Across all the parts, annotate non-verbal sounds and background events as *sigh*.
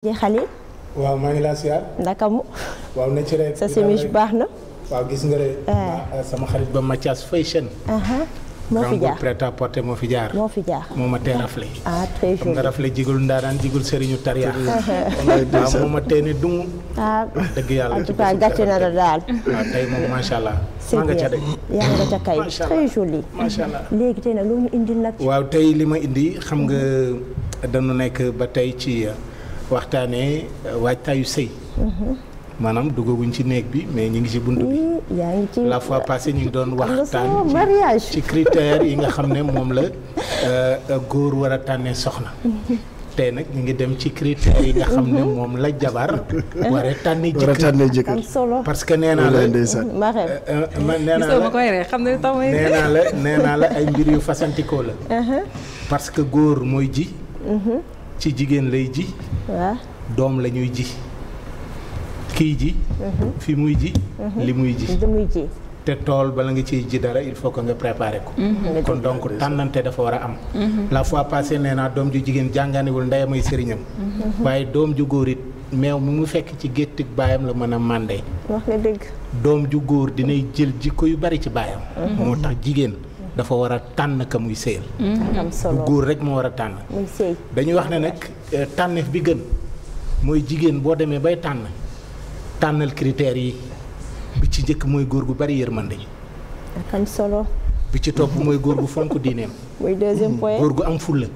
Xalil waaw maa ngi laa waaw na ci rek sa chemise baax na waaw gis nga rek eh. Eh, sama xarit ba Mathias moo fi jaar prêt fi jaar moo fi jaar ah. Ah, jigul ndaaraan jigul sëriñu tariyaa *laughs* waaw moo ma tee ne dung ah dëgg yàlla en tout cas gàcce na la *laughs* ah, allah maa léegi tey nag lu indi nag waaw tey li ma indi xam nga dañu nekk ba tey ci waxtaanee euh, waajtaayu sëy mhm. maanaam duggaguñ ci néeg bi mais ñu ngi ci bunt bi. Mm, ci la fois passée ñu ngi doon waxtaan ci ci critères yi nga xam ne moom la euh, euh, góor war a tànnee soxna. *laughs* tey nag ñu ngi dem ci critères yi nga xam ne mhm. moom la jabar *laughs* war a tànni jëkkër parce que nee naa la nee naa la nee naa la ay mbir yu fasantikoo la *laughs* uh-huh. parce que góor mooy ji mhm. ci jigéen lay ji. doom la ñuy ji. kiy ji. Mhm. fi mhm. muy ji. li muy ji li te tool bala nga ciy ji dara il faut que nga préparer ko. Mhm. kon donc tànnante dafa war a am. la fois passée nee naa doom ju jigéen jànganewul ndeyam ay sëriñam. waaye doom ju góor it meew mi mu fekk ci géttig baayam la mën a màndee. doom ju góor dinay jël jikko yu bari ci baayam. moo tax jigéen. dafa war a tànn ka muy sëyal mm-hmm. du góor rek moo war a tànn dañu wax ne nag eh, tànneef bi gën mooy jigéen boo demee bay tànn tànnal critères yi bi ci njëkk mooy góor gu bari yërmande am solo bi ci topp mooy góor gu fonk diineem muy deuxième point góor gu am fulla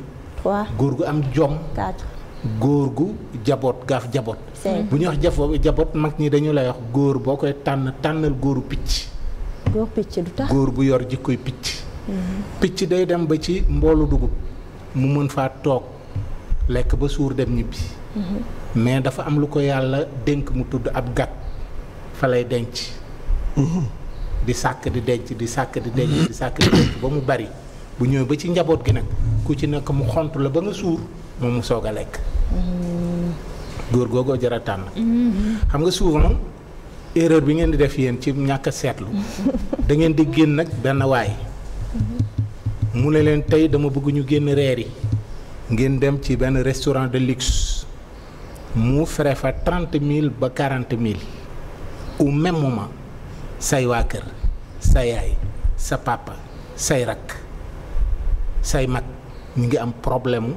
góor gu am jom góor gu jaboot gaaf jaboot bu ñuy wax jafoo jaboot mag ñi dañu lay wax góor boo koy tànn tànnal góoru picc góor picc bu yor jikkoy picc picc day dem ba ci mboolu dugub mu mën faa toog lekk ba suur dem ñibbi. mais dafa am lu ko yàlla dénk mu tudd ab gat fa lay denc. di sàkk di denc di sàkk di denc sàkk ba mu bari bu ñëwee ba ci njaboot gi nag ku ci nekk mu xont la ba nga suur moom mu soog a lekk. góor googoo jara tànn. xam nga souvent erreur bi ngeen di def yéen ci ñàkk a seetlu *laughs* da ngeen di génn nag benn waay. mu ne leen tey dama bëgg ñu génn reer ngeen dem ci benn restaurant de luxe mu fere fa trente mille ba quarante mille au même moment say waa kër sa yaay sa papa say rakk say mag ñu ngi am problème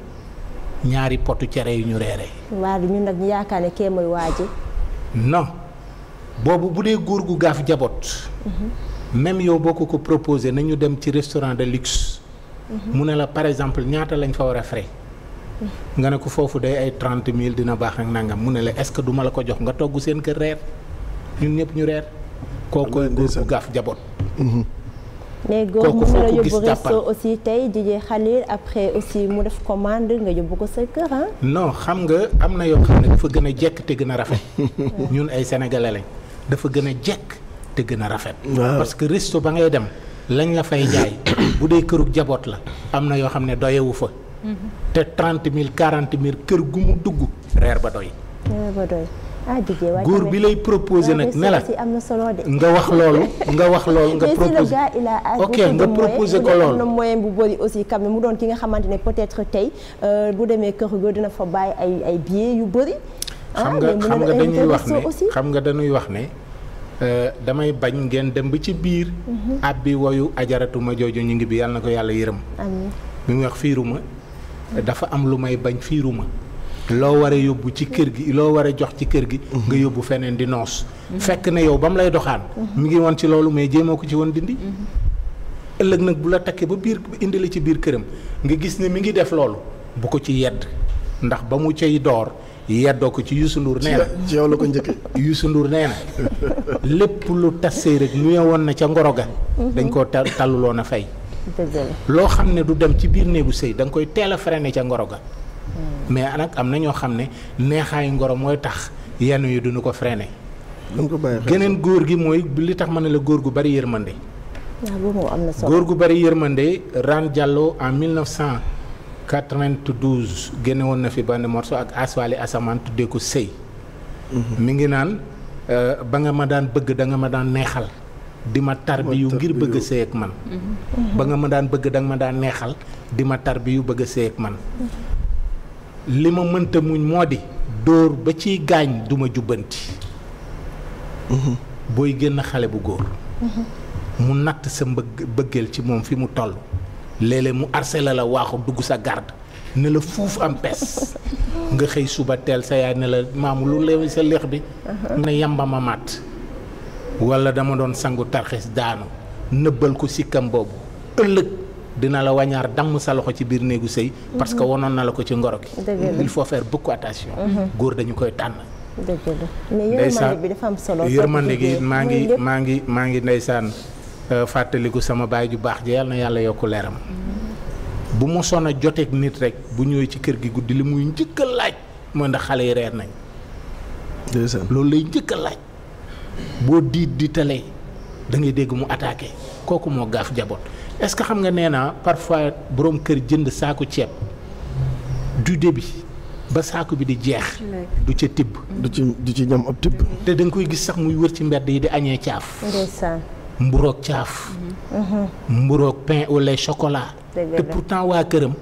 ñaari potu cere yu ñu reere waa ñun nag ñu yaakaar ne kee mooy waaji non boobu bu dee góor gu gaaf jaboot mhm. même yow boo ko ko proposé ñu dem ci restaurant de luxe mu ne la par exemple ñaata lañ fa war a frais nga ne ko foofu day ay trente mille dina baax ak nangam mu ne la est-ce que duma la ko jox nga togg seen kër reer ñun ñëpp ñu reer kooku góor gaaf jaboot mhm. mais góor mën na la yóbbu resto aussi après mu def commande nga yóbbu ko sa kër ah. xam nga am na yoo xam ne dafa gën a jekk te gën a rafet. *laughs* ñun ay sénégalais lañ dafa gën a jekk te gën a rafet. parce que resto ba ngay dem. lañ la fay jaay bu dee këru jaboot la am na yoo xam ne doyewu fa mhm. te trente mille quarante mille kër gu mu dugg reer ba doy ah, góor bi lay proposé nag ne la nga wax loolu nga wax loolu nga *laughs* proposé ok nga proposé ko loolu moyen bu bëri aussi quand même mu doon ki nga xamante ne peut-être tey euh, bu demee kër ga dina fa bàyyi ay ay billets yu bëri ah, xam nga xam nga dañuy wax ne xam nga dañuy wax ne Euh, damay bañ ngeen dem bi ci biir. Mhm. ab bi woyu ajaratuma jooju ñu ngi bi yàlla na ko yàlla yërëm. amiin mi mu wax fiiruma dafa am lu may bañ fiiruma loo war a yóbbu ci kër gi loo war a jox ci kër gi. Mhm. nga yóbbu feneen di noos. Mhm. fekk na yow ba mu lay doxaan. mu ngi woon ci loolu mais jéemoo ko ci woon dindi. ëllëg nag bu la takkee ba biir indi la ci biir këram nga gis ne mi ngi def loolu bu ko ci yedd ndax ba mu cay door. yeddoo ko ci Youssou Ndour nee na ci yow la ko njëkkee Youssou Ndour nee lépp lu tasee rek nuye woon na ca ngoro ga dañ koo ta talluloon a fay loo xam ne du dem ci biir néegu sëy da koy teel a freiné ca ngoro ga hmm. mais nag am na ñoo xam ne neexaayu ngoro mooy tax yenn yi duñu ko freiné geneen góor gi mooy li tax ma ne la góor gu bari yërmande ah, góor gu bari yërmande Rane Diallo en 92 génne woon na fi benn morso ak aswaali asamaan tuddee ko sëy mhm. mi ngi naan euh, ba nga ma daan bëgg danga ma daan neexal di ma tarbiyu ngir bëgg a sëy ak man mhm. ba nga ma daan bëgg da ma daan neexal di ma tarbiyu bëgg a sëy ak man mhm. li ma mënta muñ moo di dóor ba ciy gaañ duma ma jubbanti booy génn xale bu góor mu natt sa mbëgg bëggeel ci moom fi mu toll léeg mu harcelé la waaxu dugg sa garde ne la fuuf am pes nga xëy suba teel sa yaay ne la maamu lu leew sa leex bi uh-huh. ne yamba ma mat wala dama doon sangu tarxis daanu nëbbal ko sikkam boobu ëllëg dina la wañaar damm sa loxo ci biir néegu sëy parce que uh-huh. wonoon na la ko ci ngoro gi il faut faire beaucoup attention uh-huh. góor dañu koy tànn ndeysaan gi maa ngi maa ngi maa ngi ndeysaan Euh, fàttaliku sama baay ju baax ji yàlla na yàlla yokk leeram bu mosoon a joteeg nit rek bu ñëwee ci kër gi guddi li muy njëkk laaj mooy ndax xale yi reer nañ loolu lay njëkka a laaj boo diit di tele da ngay dégg mu attaqué kooku moo gaaf jaboot est-ce que xam nga nee naa parfois boroom kër jënd saaku ceeb du bi ba saaku bi di jeex du ca tibb du ci du ci ñam ab tibb te da koy gis sax muy wër ci mbedd yi di añee caaf ndeysaan mburoog caaf. mburoog pain au chocolat. te pourtant waa këram.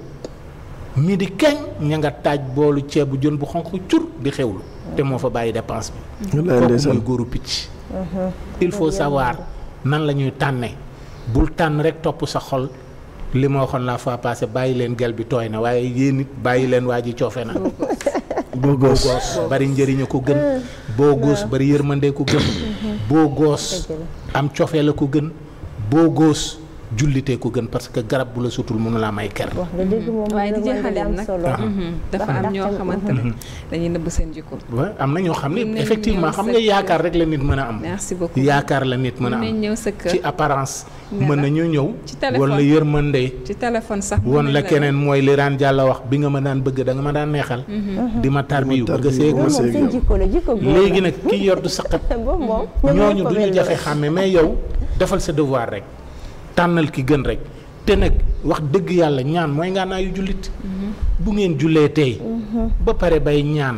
mi di kañ ña nga taaj boolu ceebu jën bu xonq cur di xewul te moo fa bàyyi dépense bi. kooku mooy góoru picc. nan la ñuy tànnee bul tànn rek topp sa xol. li ma waxoon la fois passée bàyyi leen gel bi tooy na waaye yéen it bàyyi leen waa coofe na. *laughs* boo goos bari njëriñu ko gën. boo goos bari yërmande ko gën. boo goos am cofee la ko gën boo góos jullitee ko gën parce que garab bu la sutul mënu laa may ker. wax nga dëgg moom waaye di jeexaleen nag ah. mhm. dafa am ñoo xamante ne dañuy nëbb seen jikko. am na ñoo xam ne effectivement xam nga yaakaar rek la nit mën a am. yaakaar la nit mën a am ci apparence. mën nañu ñëw. ci téléphone wala yërmande. ci téléphone sax woon la keneen mooy li daan jàll wax bi nga ma daan bëgg danga ma daan neexal. Mhm. Mhm. di ma tarbiyu bëgg seeg ma seeg léegi nag ki yor du saqat *laughs* ñooñu duñu jafe xàmme mais yow defal sa devoir rek tànnal ki gën rek te nag wax dëgg yàlla ñaan mooy ngaanaayu jullit bu ngeen julee tey ba pare bay ñaan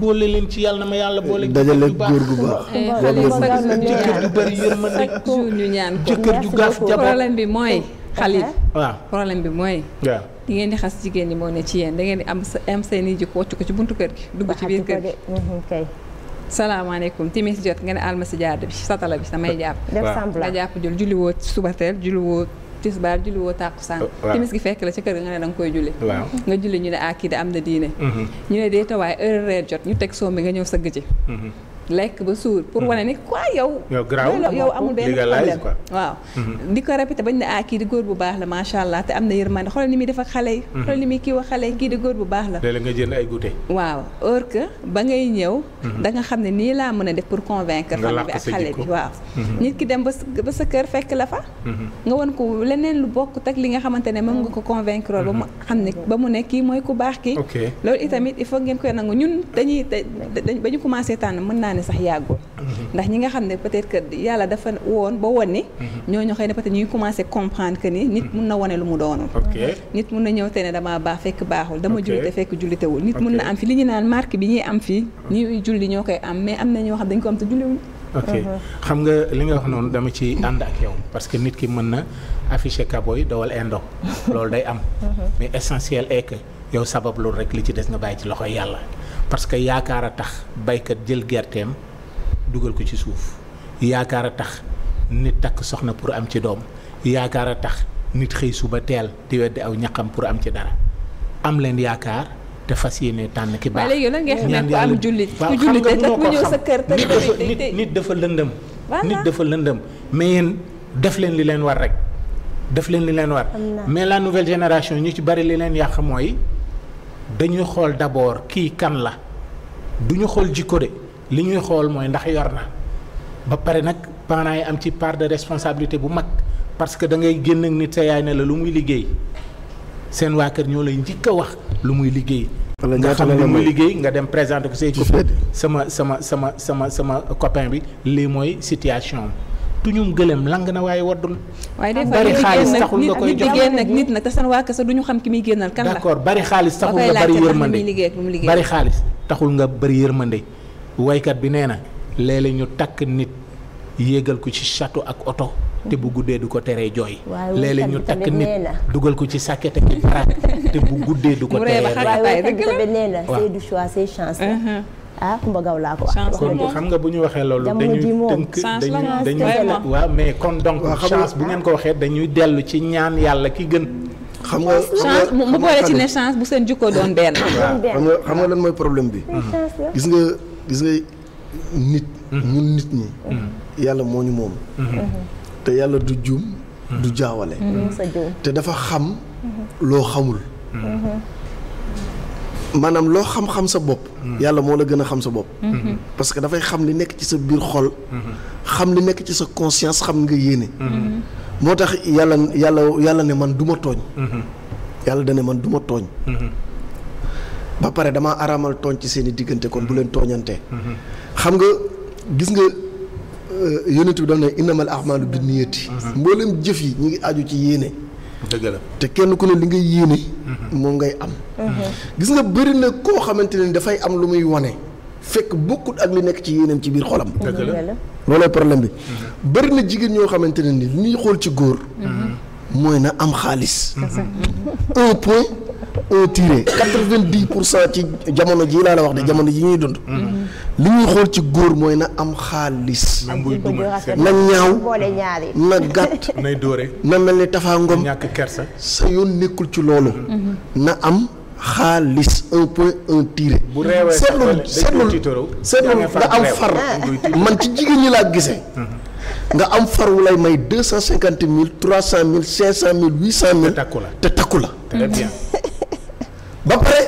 boole leen ci yàlla na ma yàlla boole dajale góor gu baax eh, jëkkër ju bari ñaan jëkkër ju gaaf jabar problème bi mooy xalil waaw problème bi mooy waaw di ngeen di xas jigéen ñi moo ne ci yéen da ngeen di am am seen i jikko wocc ko ci buntu kër gi dugg ci biir kër gi salaamaaleykum timis jot nga ne alma si jaad bi satala bi samay jàpp nga jàpp jul julli woo suba teel julli woo tisbaar julli woo tàkkusaan timis gi fekk la ca kër nga ne da nga koy julli nga julli ñu ne ah kii de am na diine mhm. ñu ne dee tawaay heure reer jot ñu teg soom bi nga ñëw sëgg ci mhm. lekk ba suur pour mhm. wane ni quoi yow. yow garaaw yow amul benn problème waaw. Mhm. di ko répété bañ ne ah góor bu baax la macha allah te am na yërmande xoolal ni muy def ak xale yi. Mhm. xoolal ni muy kii wax xale yi kii di góor bu baax la. léeg-léeg nga jënd waaw heure que ba ngay ñëw. da nga xam ne nii laa mën a def pour convaincre. famille bi ak xale bi waaw. nit ki dem ba ba sa kër fekk la fa. nga won ko leneen lu bokkut ak li nga xamante ne moom nga ko convaincre ba mu xam ne ba mu ne kii mooy ku baax kii. loolu itamit il faut ngeen koy nangu ñun dañuy dañu commencé tànn mën naa ne sax yàggul ndax ñi nga xam ne peut-être que yàlla dafa woon woon ni ñooñu xëy na peut-être ñuy commencé comprendre que ni nit mun na wane lu mu doonul nit mun na ñëw te ne damaa baax fekk baaxul dama jullite fekk jullitewul nit mun na am fi li ñu naan marque bi ñuy am fii ñuy julli ñoo koy am mais am na ñoo xam dañ ko am te julliwuñ uh-huh. xam nga li nga wax noonu dama ci ànd ak yow parce que nit ki mën na afficher kaboy dawal indo *laughs* loolu day am uh-huh. mais essentiel est que yow sabab loolu rek li ci des nga bàyyi ci loxoy yàlla parce que yaakaar a tax baykat jël gerteem dugal ko ci suuf yaakaar a tax nit takk soxna pour am ci doom yaakaar a tax nit xëy suba teel di weddi aw ñaqam pour am ci dara am leen yaakaar te fas yéene tànn ki baax. léegi lan ngay xamee ku am nit dafa lëndëm. nit dafa lëndëm mais yéen def leen li leen war rek def leen li leen war. mais la nouvelle génération ñu ci bari li leen yàq mooy. dañuy xool d'abord kii kan la du ñu xool jikko de li ñuy xool mooy ndax yor na ba pare nag parents yi am ci part de responsabilité bu mag parce que da ngay génn ak nit sa yaay ne la lu muy liggéey seen waa kër ñoo lay njëkk a wax lu muy liggéey. nga xam ne lu muy liggéey nga dem présenté ko say. sama sama sama sama sama copain bi lii mooy situation tuñum gëlëm lang na waaye waddul. waaye des fois bari xaalis taxul nga koy jox nag nit nag te seen waa kese duñu xam ki bari xaalis taxul nga bari yërmande bari xaalis taxul nga bi nee na léeg ñu takk nit yégal ko ci château ak oto. te bu guddee du ko teree jooy. léeg-léeg ñu takk nit dugal ko ci sàkket ak te bu guddee du ko teree. waaw waaw waaw waaw waaw waaw waaw waaw waaw ah Kumba Gaw laa ko wax. xam nga bu ñu waxee loolu. dañuy tënk dañuy dañuy waaw mais kon donc. chance bu ngeen ko waxee dañuy dellu ci ñaan yàlla ki gën. xam nga chance mu seen jikko doon benn. xam nga xam nga lan mooy problème bi. gis nga gis nga nit. Hmm. ñun nit ñi. Hmm. yàlla moo ñu moom. Hmm. te yàlla du juum. du jaawale. te dafa xam. loo xamul. maanaam loo xam-xam sa bopp. yàlla moo la gën a xam sa bopp. Mm-hmm. parce que dafay xam li nekk ci sa biir xol. Mm-hmm. xam li nekk ci sa conscience xam nga yéene. Mm-hmm. moo tax yàlla yàlla yàlla ne man du ma tooñ. yàlla da ne man du tooñ. ba pare damaa araamal tooñ ci seen i diggante kon bu leen tooñantee. xam nga gis nga euh, yonent bi daf ne innamal a'maalu binniyati. mboolem jëf yi ñu ngi aju ci yéene. dëgg la te kenn ku ne li ngay yéene. Mm-hmm. moom ngay am. Mm-hmm. gis nga bëri na koo xamante ne dafay am lu muy wane. fekk bokkut ak li nekk ci yéenam ci biir xolam. dëgg la loolooy problème bi. Mm-hmm. bëri na jigéen ñoo xamante ne ni li ñuy xool ci góor. mooy na am xaalis. un point. un tiré quatre-vingt-dix pour cent ci jamono jii laa la wax de jamono ji ñuy dund. li ñuy xool ci góor mooy na am xaalis. na ñaaw na gàtt. *laughs* nay dóore na mel ni tafaangom ñàkk kersa. sa yoon nekkul ci loolu. Mm-hmm. na am xaalis un point un tiré. bu reewee seetlul seetlul seetlul nga am far man ci jigéen ñi laa gisee. Mm-hmm. nga am far wu lay may deux cinquante mille trois cent mille cinq cent mille huit cent mille. te takku la te takku la. *laughs* ba pare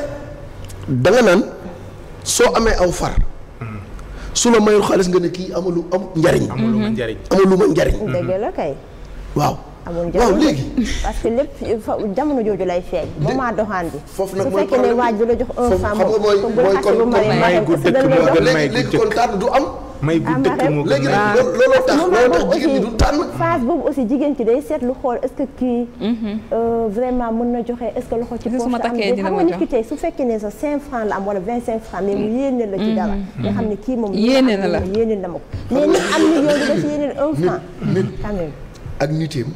da naan soo amee aw far su la mayul xaalis nga ne kii amalu am njariñ amalu ma njariñ dëgg waaw amul waaw léegi parce que lépp jamono jooju lay feeñ moment doxaan bi foofu nag su fekkee ne xool est que kii mhm. euh, vraiment mën na joxe est-ce que ci poche am xam nga nit ki tey su fekkee ne sa cinq francs la am wala vingt cinq francs mais mu mhm. yéene la ci dara mhm. nga xam ne kii moom yéene la yéene ko mais nit am ni yow di def yéeneen un franc ak niteem.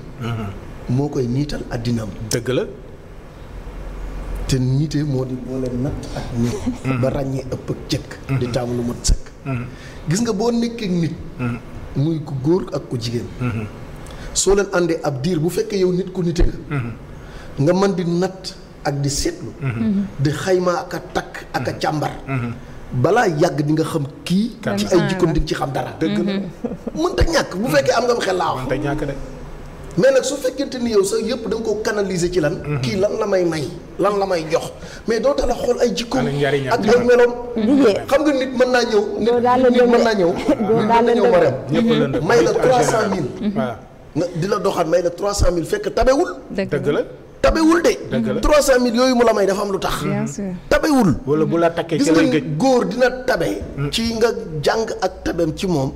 moo koy niital addinaam. dëgg la. te nite moo di boole natt ak nit. Mm-hmm. ba ràññee ëpp ak jëkk. Mm-hmm. di taamu lu mat sëkk. Mm-hmm. gis nga boo nekkee nit. muy ku góor ak ku jigéen. soo leen àndee ab diir bu fekkee yow nit ku nite nga. nga di natt ak di seetlu. di xayma ak a takk ak a càmbar. balaa yàgg di nga xam kii. ci ay jikkoom di ci xam dara. dëgg la mënta ñàkk bu fekkee am nga xel laa wax. mais nag su fekkente ni yow sax yëpp da nga ko canaliser ci lan. Mhm. kii lan la may may lan la may jox mais doo tax la xool ay jikko ak ay meloom. xam nga nit mën naa ñëw. nit nit mën naa ñëw. *laughs* ma daal la ñëw may la 300000. Mhm. nga di la doxaat may la 300000 fekk tabewul. dëgg la. tabewul de. dëgg la 300000 yooyu mu la may dafa am lu tax. bien sûr tabewul. wala bu la takkee gis nga góor dina tabe. Mhm. ci nga jàng ak tabem ci moom.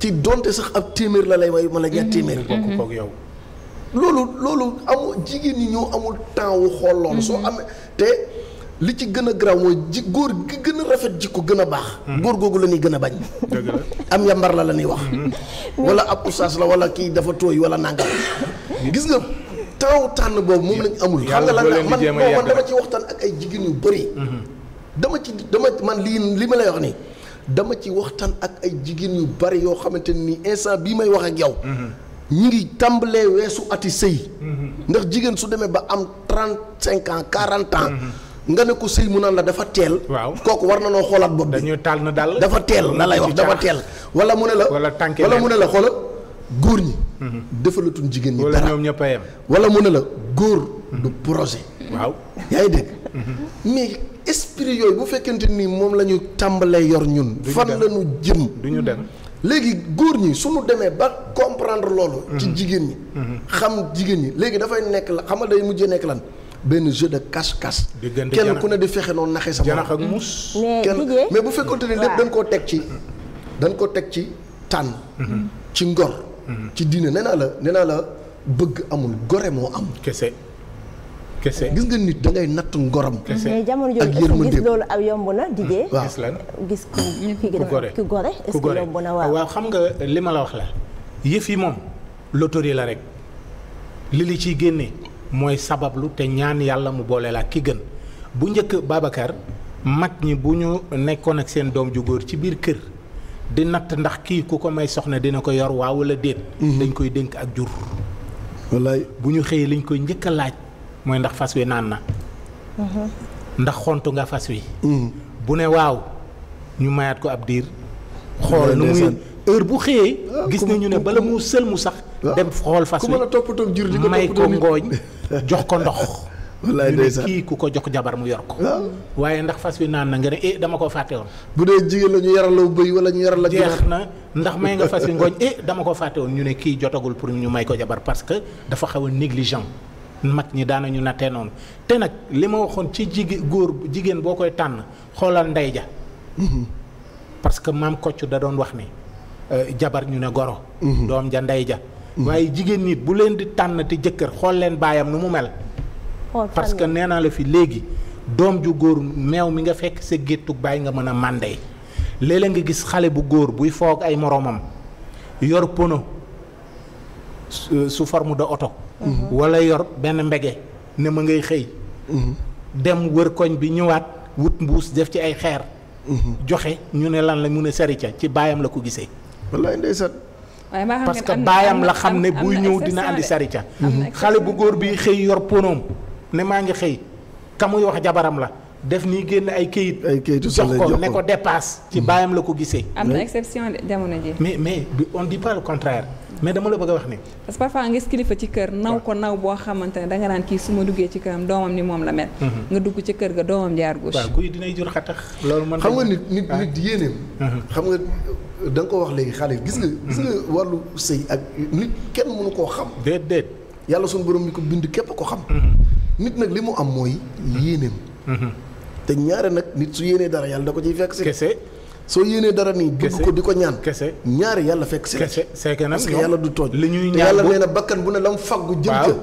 ci donte sax ak téeméer la lay may mën a ñaar téeméer. bokk yow. loolu loolu amul jigéen ñi ñoo amul temps wu xool loolu. soo mhm. amee te li ci gën a garaaw mooy ji góor gi gën a rafet jikko gën a baax. Mhm. góor googu la ñuy gën a bañ. am yambar la la ñuy wax. Mhm. wala ab oustaz la wala kii dafa tooy wala nangam. gis nga temps tànn boobu moom lañ amul. xam nga lan la man dama ci waxtaan ak ay jigéen yu bari dama ci dama man lii li ma lay wax nii. dama ci waxtaan ak ay jigéen yu bari yoo xamante ni instant bii may wax ak yow. ñi ngi tàmbalee weesu ati sëy mm-hmm. ndax jigéen su demee ba am trente cinq ans quarante ans mm-hmm. nga ne ko sëy mu naan la dafa teel waaw kooku war na noo xoolaat bopp bi dañuy taal daal dafa teel la lay wax dafa teel wala mu ne la wala mu ne la xoola góor ñi mm-hmm. defalatuñ jigéen ñi dara ñoom ñëpp wala mu ne la góor du projet waaw yaa ngi dégg esprit yooyu bu fekkente nii moom la ñu tàmbalee yor ñun fan la ñu jëm duñu dem léegi góor ñi su mu demee ba comprendre loolu. ci mhm. jigéen ñi. Mhm. xam jigéen ñi léegi dafay nekk la xam nga day mujjee nekk lan. benn jeu de cache-cache. kenn ku ne di fexe noonu naxee sa janax ak muus. kenn mais bu fekkoonte ne lépp dañ koo teg ci. dañ ko teg ci tànn. Mhm. ci ngor. ci diine nee naa la nee naa la bëgg amul gore moo am. kese. kese gis nga nit da ngay natt ngoram. kese ak yërmandeem gis loolu ab yomb na dijee. waaw gis lan gis ku gore ku gore waaw. xam nga li ma la wax la yëf yi moom loterie la rek li ciy génne mooy sabablu te ñaan yàlla mu boole la ki gën bu njëkk Babacar mag ñi bu ñu nekkoon ak seen doom ju góor ci biir kër di natt ndax kii ku ko may soxna dina ko yor waaw wala déet. lañ mhm. koy dénk ak jur. wallaay bu ñu xëyee lañ koy njëkk a laaj. mooy ndax fas wi naan na ndax xont nga fas wi bu ne waaw ñu mayaat ko ab diir xool nu muy heure bu xëyee gis ah, nañu ne bala mu sël mu sax ah, dem xool fas wi may ko ngooñ jox ko ndox *laughs* wallaay ndeysaan kii ku ko jox jabar mu yor ko. Ah. waaye ndax fas wi naan na nga ne eh dama ko fàtte woon. bu dee jigéen la ñu yaral la bëy wala ñu yaral la. jeex na ndax may nga fas wi ngooñ eh dama ko fàtte woon ñu ne kii jotagul pour ñu may ko jabar parce que dafa xaw a négligent. mag ñi daanañu nattee noonu te nag li ma waxoon ci jigéen góor jigéen boo koy tànn xoolal ndey ja mm-hmm. parce que maam Kocc da doon wax ni euh, jabar ñu ne goro mm-hmm. doom ja ndey ja mm-hmm. waaye jigéen nit bu leen di tànn te jëkkër xool leen baayam nu mu mel parce que nee naa la fi léegi doom ju góor meew mi nga fekk sa géttug bàyyi nga mën a màndey léeg-léeg nga gis xale bu góor buy foog ay moroomam yor pono su euh, forme de oto Mhm. wala yor benn mbege ne ma ngay xëy mhm. dem wër koñ bi ñëwaat wut mbuus def ci ay xeer mhm. joxe ñu ne lan la mu ne sarica ci baayam la ko gisee wallaay ndeysaan parce que baayam la xam ne buy ñëw dina andi sarica xale bu góor bi xëy yor ponoom ne maa ngi xëy ka muy wax jabaram la def nii génn ay kayit. ay kayit jox ko ne ko dépasse. ci baayam la ko gisee. am na exception jamono ji. mais mais on dit pas contraire. mais dama la bëgg a wax ne. parce que nga kilifa ci kër naw ko naw boo xamante ne danga naan kii su ma duggee ci këram doomam ni moom la mel. Mm-hmm. nga dugg ci kër ga doomam jaar gauche. waaw guy dinay jur xatax. loolu man xam nga nit nit nit yéeneem. Mm-hmm. xam nga euh, danga ko wax léegi xale gis nga. gis nga mm-hmm. wàllu sëy ak nit kenn mënu koo xam. déet déet. yàlla suñu borom ñu ko bind képp ko xam. nit nag li mu am mooy yéeneem. te ñaare nag nit su yéenee dara yàlla da ko ciy fekk si. kese soo yéenee dara nii. dugg ko di ko ñaan. kese ñaari yàlla fekk si. kese c'est que nag yàlla du tooj. li ñuy ñaan yàlla bakkan bu ne la mu faggu.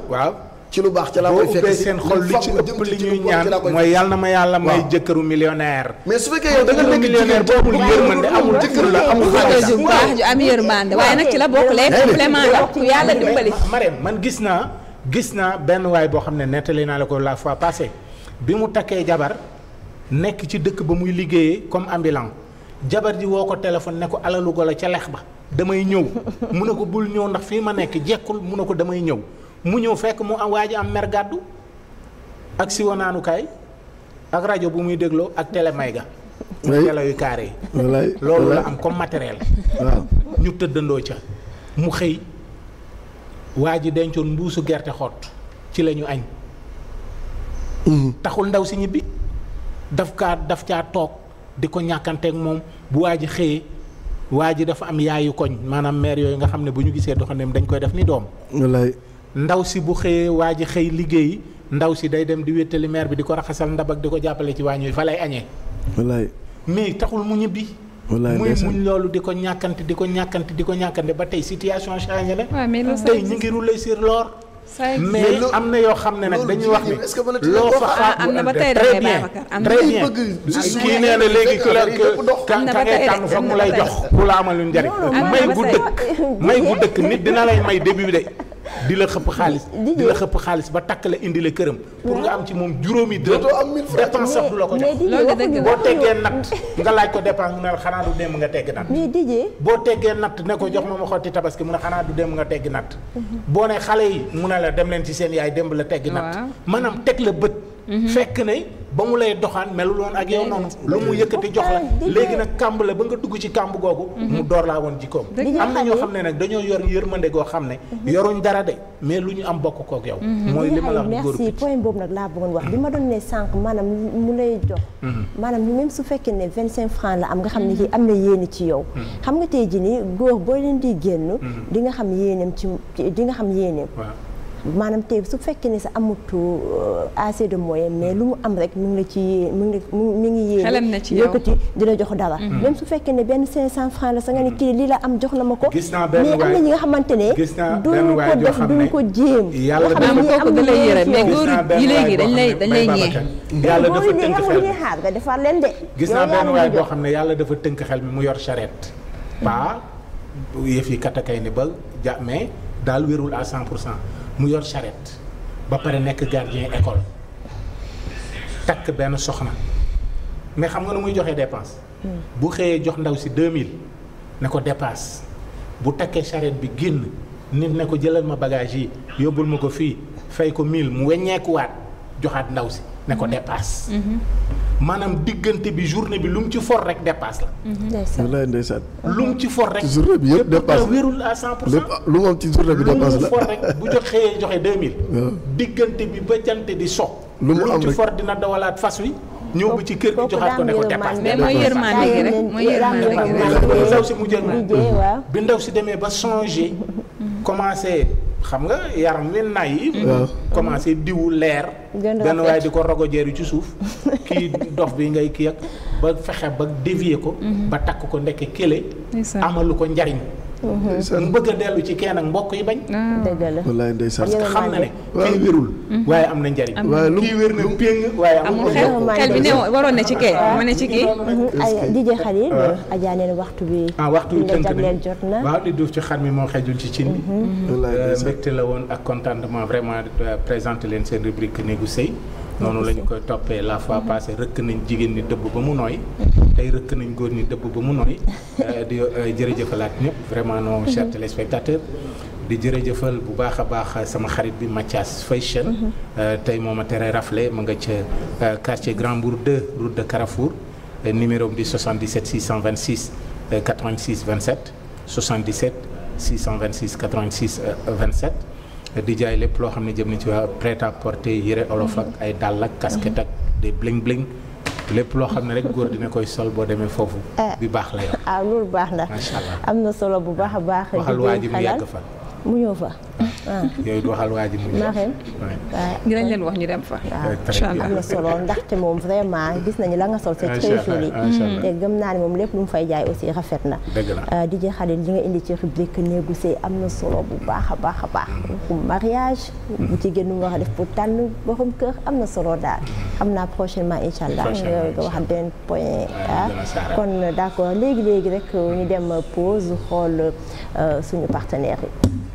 waaw ci lu baax ci laa seen xol li ci li ñuy ñaan mooy yàlla na ma yàlla may jëkkëru millionnaire. mais su fekkee yow da nga nekk jigéen boobu lu la amul waaye nag ci la bokk lay complément la ku yàlla dimbali. man gis naa gis naa benn waay boo xam ne nettali naa la ko la fois passée bi mu takkee jabar nekk ci dëkk ba muy liggéeyee comme ambulant jabar ji woo ko téléphone ne ko alalu golo ca lex ba damay ñëw *laughs* mu ne ko bul ñëw ndax fii ma nekk jekkul mu ne ko damay ñëw mu ñëw fekk mu am waa ji am mer gàddu ak siwo naanukaay ak rajo bu muy dégloo ak télé ga mu *laughs* télé yu carré yi loolu la am comme matériel *laughs* ñu tëddandoo ca mu xëy waa ji dencoon mbuusu gerte xott ci lañu añ taxul ndaw si ñibbi daf kaa daf caa toog di ko ñàkkanteeg moom bu waa ji xëyee waa ji dafa am yaayu koñ maanaam maire yooyu nga xam ne bu ñu gisee doxandeem dañ koy def ni doom. wallaay ndaw si bu xëyee waa ji xëy liggéey ndaw si day dem di wéttali maire bi di ko raxasal ndab ak di ko jàppale ci waa ñuy fa lay añee. wallaay mais taxul mu ñibbi. wallaay muy muñ loolu di ko ñàkkante di ko ñàkkante di ko ñàkkante ba tey situation changé na. tey ñu ngi rouler sur l'or. mais am na yoo xam ne nag dañuy wax ni loo fa ah, xaar bu très bien très bien kii nee na léegi ku la ka ngay tànn fa mu lay jox ku la amal lu njariñ may gu dëkk may gu dëkk nit dina lay may début bi de di la xëpp xaalis di la xëpp xaalis ba takk la indi la këram pour nga am ci moom juróomi dërëm dépense sax du la ko jox boo teggee natt nga laaj ko dépense mu ne la xanaa du dem nga tegg natt boo teggee natt ne ko jox ma ma xotti tabaski mu ne xanaa du dem nga tegg natt boo ne xale yi mu ne la dem leen ci seen yaay dem la tegg natt maanaam teg la bët mhm. fekk ne ba mu lay doxaan melul woon ak yow noonu lu mu yëkkati jox la léegi nag kàmb la ba nga dugg ci kàmb googu mhm. mu door laa woon jikkoom am na ñoo xam ne nag dañoo yor yërmande goo xam ne mhm. yoruñ dara de mais lu ñu am bokk kook yow mhm. mooy li ma la wax merci boobu nag laa bëggoon wax bi ma doon ne sànq maanaam mu lay jox maanaam même su fekkee ne vingt cinq francs la am nga xam ne kii am na yéene ci yow xam nga tey ji nii góor boo leen di génn di nga xam yéeneem ci di nga xam yéeneem maanaam te su fekkee ne sa amut euh, assez de moyen mais lu mu am rek mi ngi la ci mi ngi mi ngi yéene yëkkati ci la jox dara mhm. même su fekkee ne benn cinq cent francs la sa nga ne mhm. kii lii la am jox na ma ko mais am na ñi nga xamante ne duñu ko def jéem yàlla ne am na yére mais góor dañ lay dañ lay ñee yàlla dafa tënk xel mi leen gis naa benn waay boo xam ne yàlla dafa tënk xel mi mu yor charrette mhm. pas yëf yi katakay ni ba ja mais daal wérul à cent pour cent mu yor charrette ba pare nekk gardien école takk benn soxna mais xam nga nu muy joxee dépense. Hmm. bu xëyee jox ndaw si 2000 ne ko dépasse bu takkee charrette bi génn nit ne ko jëlal ma bagage yi yóbbul ma ko fii fay ko 1000 mu weññeekuwaat joxaat ndaw si. ne ko dépasse. Mhm. maanaam diggante bi journée bi lu mu ci for rek dépasse la. Mhm. ndeysaan walaay ndeysaan. lu mu ci for rek. journée bi yëpp dépasse wérul à 100 pour cent. lu mu am ci for rek bu jox xëyee joxe 2000. *laughs* diggante bi ba jant di so. lu mu ci for dina dawalaat fas wi. ñëw ba ci kër gi joxaat ko ne ko dépasse. mais mooy yërmande gi rek mooy yërmande gi rek. ndaw si mu jël bi ndaw si demee ba changé. Mhm. commencé. xam nga yaram wi nay yi. Mm-hmm. commencé diwu leer. benn waaye di ko rogojeer yi ci suuf. *laughs* kii dof bi ngay kii ak ba fexe ba dévier ko. Mm-hmm. ba takk ko ndekk kële. amalu ko njariñ Mm-hmm. mu bëgg a dellu ci kenn ak mbokk yi bañ. Ah. dëgg la wallaay ndeysaan xam na ne. waaye wérul. Mm-hmm. waaye am na njariñ. waaye lu kii wér na lu waaye amul xel xel bi ne waroon na ci kee ah. ma ne ci kii. Mm-hmm. ay DJ Khalil. waaw ah. Adja waxtu bi. ah waxtu bi tënk nañ waaw di duuf ci xar mi moo xejul ci cin bi. wallaay euh, la woon ak contentement vraiment euh, présenté leen seen rubrique néegu sëy noonu la ñu koy toppee la fois mhm. passée rëkk nañ jigéen ñi dëbb ba mu nooy tey rëkk nañ góor ñi dëbb ba mu nooy *laughs* eh, di eh, jërëjëfalaat ñëpp vraiment nos mhm. chers téléspectateurs di jërëjëfal bu baax a baax eh, sama xarit bi Mathias Fashion mhm. tey moom a tere rafle ma nga ca quartier Grand Bourg 2 route de Carrefour numéro bi 77 626 86 27 77 626 86 27 di jaay lépp loo xam ne jëm na ci waa prêt à porter yëre olof ak ay dàll ak casquette ak des bling bling lépp loo xam ne rek góor dina koy sol boo demee foofu. Eh. bi baax la yow. ah loolu baax na. macha allah am na solo bu baax a baax. waxal waa ji mu yàgg fa. mu ñëw fa waaw. Ah. Ah. yooyu du waxal waa ji mu leen wax ñu dem fa. incha allah am na solo ndaxte moom vraiment gis nañu la nga sol c'est très joli. te gëm naa ne moom lépp lu mu fay jaay aussi rafet na. di la ah, DJ Khalil li nga indi ci rubrique néegu sëy am na solo bu baax a baax a baax. pour mm. mariage. Mm. bu ci gën war a def pour tànn borom kër am na solo daal. Mm. xam naa prochainement incha allah. nga wax benn point kon d' accord léegi léegi rek euh, ñu dem pause xool euh, suñu partenaire yi.